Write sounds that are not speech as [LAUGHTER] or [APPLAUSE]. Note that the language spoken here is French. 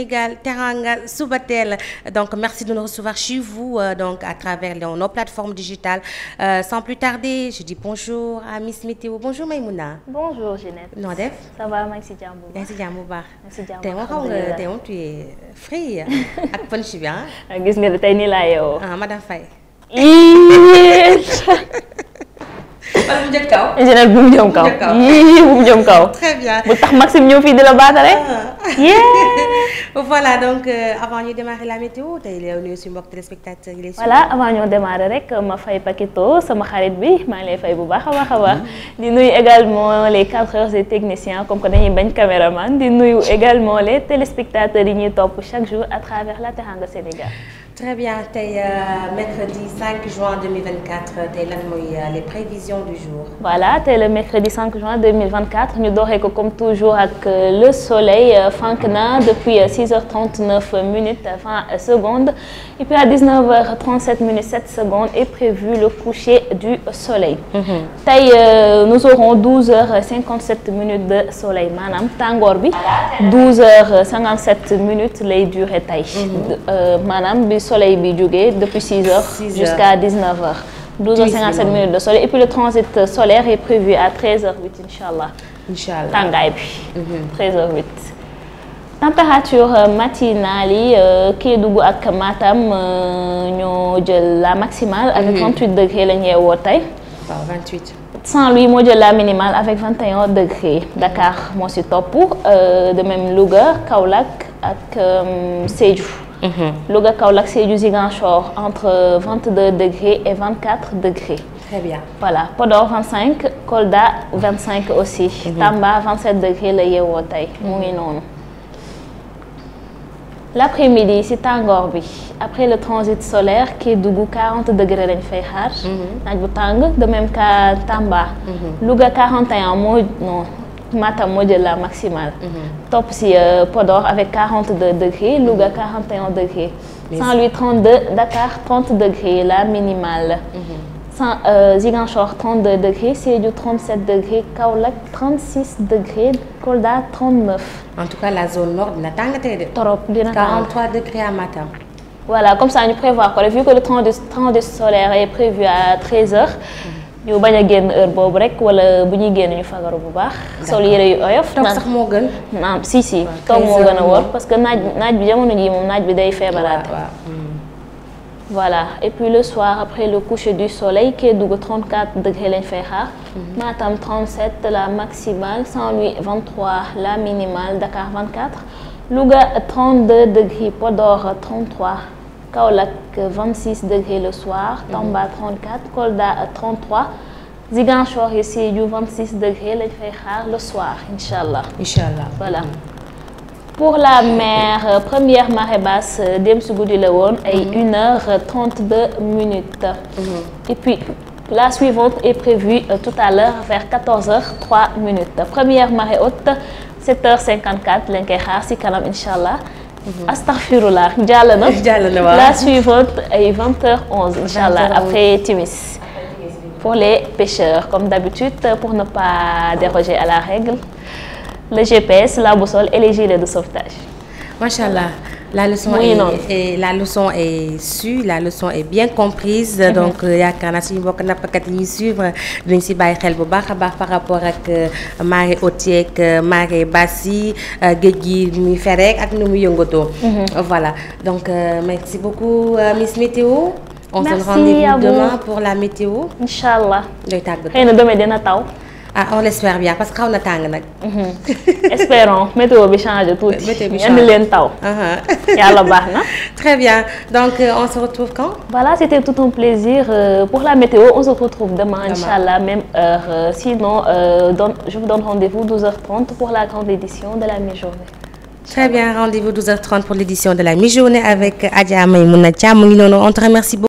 Égal, Teranga Subatel, donc merci de nous recevoir chez vous euh, donc à travers nos plateformes digitales euh, sans plus tarder je dis bonjour à Miss Météo bonjour Maïmouna. bonjour Jeannette. Non, ça va merci ngi si Merci bu baax yaa ngi si T'es tu es frais hein, [LAUGHS] ak punch bi hein. ah. Je nga tey nii laa yeewoo. ah madame Faye. Yes [LAUGHS] général très bien Maxime ah. [LAUGHS] voilà donc euh, avant de démarrer la météo eu aussi beaucoup téléspectateurs voilà avant de démarrer rek ma fay Paquito sama xarit bi ma lay fay bu mm. également les heures et techniciens comme que dañuy caméraman di également les téléspectateurs yi ñuy chaque jour à travers la Teranga Sénégal. Très bien, le euh, mercredi 5 juin 2024 C'est euh, les prévisions du jour. voilà es le mercredi 5 juin 2024 Nous dormons comme toujours avec euh, le soleil fànk depuis 6h39 minutes 20 secondes et puis à 19h37 minutes 7 secondes est prévu le coucher du soleil. Mhm. nous aurons 12h57 minutes de soleil madame Tangorbi. 12h57 minutes les durer tey. Mhm. maanaam soleil bi depuis 6 h jusqu'à 19 h 12 h 57 minutes de soleil et puis le transit solaire est prévu à 13 h 8 inchallah inchallah Tangay 13 h 8. température matinale yi euh, Kédougou ak Matam euh, ñoo la maximale. avec mhm. 38 degrés la ñu yeewoo tey. 28. Saint-Louis nous avons la minimale avec 21 degrés. Mhm. Dakar moo si topp euh, de même Louga Kaulak ak Sejou. Mhm. L'accès du entre 22 euh, degrés et 24 degrés. Très bien. Voilà Podor 25 Kolda 25 aussi. Mhm. Tamba 27 degrés mhm. L'après-midi c'est un gorbi après le transit solaire qui est 40 degrés lañ fay de même qu'à Tamba. est 41 non mata maximale. Mhm. Top si euh, Podor avec 42 degrés, Louga 41 mhm. degrés. Saint-Louis, 32, Dakar 30 degrés, la minimale. Mhm. euh, Ziganchor 32 degrés, du 37 degrés, Kaolak 36 degrés, Kolda 39. En tout cas, la zone nord, la n'a de 43 degrés à matin Voilà, comme ça, on prévoit. Vu que le temps de, soleil est prévu à 13 h ñu bañ a génn heure boobu rek wala bu ñuy génn ñu fagaru bu baax. sol yére yu oyof. toog sax moo gën. naam si si toog moo gën a parce que naaj naaj bi jamono ji moom naaj bi day hmm. voilà et puis le soir après le coucher du soleil Kédougou 34 degré lañ fay xaar. Hmm. Matam 37 la maximale saint 23 la minimale Dakar 24 Louga 32 degré Podor 33. Kaolak 26 degrés le soir mhm. Tamba 34 Kolda 33 Ziguinchor ici 26 degrés le soir Inch'Allah. voilà. pour la mer euh, première marée basse euh, dem Lewon, 1 h 32 minutes. Mhm. et puis la suivante est prévue euh, tout à l'heure vers 14 h 3 minutes première marée haute 7 h 54 lañ astaghfirullah [LAUGHS] la suivante est 20h11 après timis pour les pêcheurs comme d'habitude pour ne pas déroger à la règle le GPS la boussole et les gilets de sauvetage. MashaAllah la leçon, est, la leçon est sue, la leçon est bien comprise. Mhm. donc il euh, y suivre par rapport à Marie-Otièque, marie Bassi, Gégui Miferek, nous voilà donc euh, merci beaucoup euh, Miss Météo. on se donne demain pour la météo. Inch'Allah, je ah on espère bien parce que a mhm. [LAUGHS] espérons météo bi changer tout. météo On leen taw. [LAUGHS] Uh-huh. yàlla [LAUGHS] très bien donc euh, on se retrouve quand. voilà c'était tout un plaisir euh, pour la météo on se retrouve demain Inch'Allah, même heure euh, sinon je vous donne rendez vous 12h30 pour la grande édition de la mi-journée. très bien rendez vous 12h30 pour l'édition de la mi-journée avec Adja Maïmouna Thiam on te remercie beaucoup.